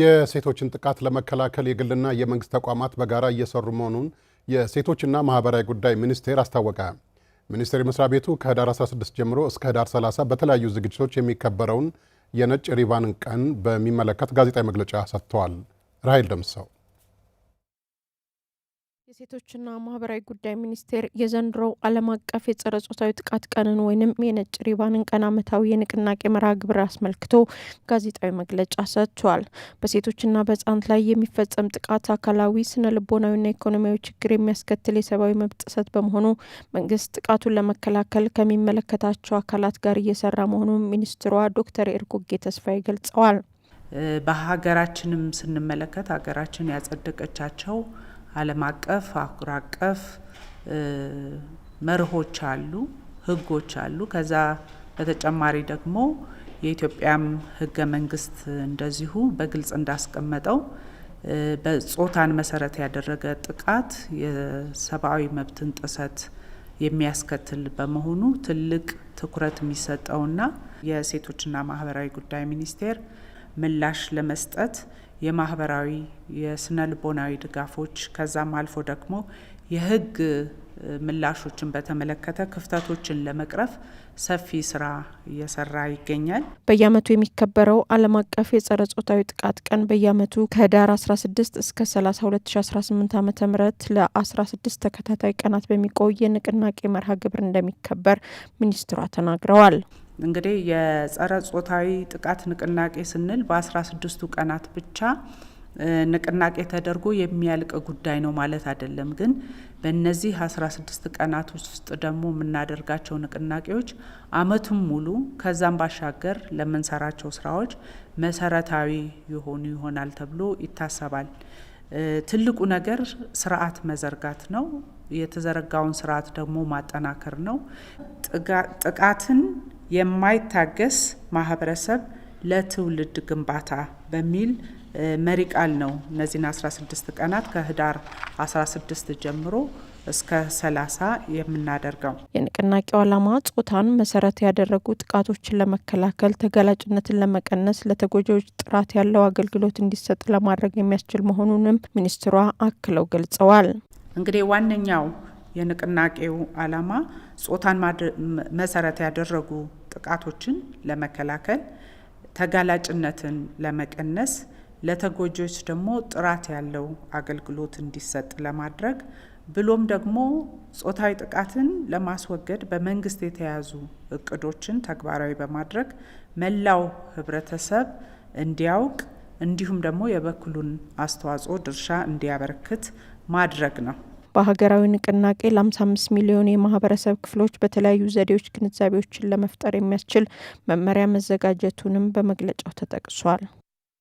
የሴቶችን ጥቃት ለመከላከል የግልና የመንግስት ተቋማት በጋራ እየሰሩ መሆኑን የሴቶችና ማህበራዊ ጉዳይ ሚኒስቴር አስታወቀ። ሚኒስቴር መስሪያ ቤቱ ከህዳር 16 ጀምሮ እስከ ህዳር 30 በተለያዩ ዝግጅቶች የሚከበረውን የነጭ ሪባንን ቀን በሚመለከት ጋዜጣዊ መግለጫ ሰጥተዋል። ራሄል ደምሰው የሴቶችና ማህበራዊ ጉዳይ ሚኒስቴር የዘንድሮው ዓለም አቀፍ የጸረ ጾታዊ ጥቃት ቀንን ወይንም የነጭ ሪባንን ቀን ዓመታዊ የንቅናቄ መርሃ ግብር አስመልክቶ ጋዜጣዊ መግለጫ ሰጥቷል። በሴቶችና በሕጻናት ላይ የሚፈጸም ጥቃት አካላዊ፣ ስነ ልቦናዊና ኢኮኖሚያዊ ችግር የሚያስከትል የሰብአዊ መብት ጥሰት በመሆኑ መንግስት ጥቃቱን ለመከላከል ከሚመለከታቸው አካላት ጋር እየሰራ መሆኑን ሚኒስትሯ ዶክተር ኤርጎጌ ተስፋዬ ገልጸዋል። በሀገራችንም ስንመለከት ሀገራችን ያጸደቀቻቸው ዓለም አቀፍ አህጉር አቀፍ መርሆች አሉ፣ ህጎች አሉ። ከዛ በተጨማሪ ደግሞ የኢትዮጵያም ህገ መንግስት እንደዚሁ በግልጽ እንዳስቀመጠው በጾታን መሰረት ያደረገ ጥቃት የሰብአዊ መብትን ጥሰት የሚያስከትል በመሆኑ ትልቅ ትኩረት የሚሰጠውና የሴቶችና ማህበራዊ ጉዳይ ሚኒስቴር ምላሽ ለመስጠት የማህበራዊ የስነ ልቦናዊ ድጋፎች ከዛም አልፎ ደግሞ የህግ ምላሾችን በተመለከተ ክፍተቶችን ለመቅረፍ ሰፊ ስራ እየሰራ ይገኛል። በየአመቱ የሚከበረው ዓለም አቀፍ የጸረ ጾታዊ ጥቃት ቀን በየአመቱ ከህዳር 16 እስከ 30 2018 ዓ ም ለ16 ተከታታይ ቀናት በሚቆይ የንቅናቄ መርሃ ግብር እንደሚከበር ሚኒስትሯ ተናግረዋል። እንግዲህ የጸረ ጾታዊ ጥቃት ንቅናቄ ስንል በአስራ ስድስቱ ቀናት ብቻ ንቅናቄ ተደርጎ የሚያልቅ ጉዳይ ነው ማለት አይደለም። ግን በእነዚህ 16 ቀናት ውስጥ ደግሞ የምናደርጋቸው ንቅናቄዎች አመቱም ሙሉ ከዛም ባሻገር ለምንሰራቸው ስራዎች መሰረታዊ የሆኑ ይሆናል ተብሎ ይታሰባል። ትልቁ ነገር ስርዓት መዘርጋት ነው። የተዘረጋውን ስርዓት ደግሞ ማጠናከር ነው። ጥቃትን የማይታገስ ማህበረሰብ ለትውልድ ግንባታ በሚል መሪ ቃል ነው እነዚህን 16 ቀናት ከህዳር 16 ጀምሮ እስከ 30 የምናደርገው። የንቅናቄው ዓላማ ጾታን መሰረት ያደረጉ ጥቃቶችን ለመከላከል፣ ተጋላጭነትን ለመቀነስ፣ ለተጎጂዎች ጥራት ያለው አገልግሎት እንዲሰጥ ለማድረግ የሚያስችል መሆኑንም ሚኒስትሯ አክለው ገልጸዋል። እንግዲህ ዋነኛው የንቅናቄው ዓላማ ጾታን መሰረት ያደረጉ ጥቃቶችን ለመከላከል፣ ተጋላጭነትን ለመቀነስ፣ ለተጎጂዎች ደግሞ ጥራት ያለው አገልግሎት እንዲሰጥ ለማድረግ ብሎም ደግሞ ጾታዊ ጥቃትን ለማስወገድ በመንግስት የተያዙ እቅዶችን ተግባራዊ በማድረግ መላው ህብረተሰብ እንዲያውቅ እንዲሁም ደግሞ የበኩሉን አስተዋጽኦ ድርሻ እንዲያበረክት ማድረግ ነው። በሀገራዊ ንቅናቄ ለ55 ሚሊዮን የማህበረሰብ ክፍሎች በተለያዩ ዘዴዎች ግንዛቤዎችን ለመፍጠር የሚያስችል መመሪያ መዘጋጀቱንም በመግለጫው ተጠቅሷል።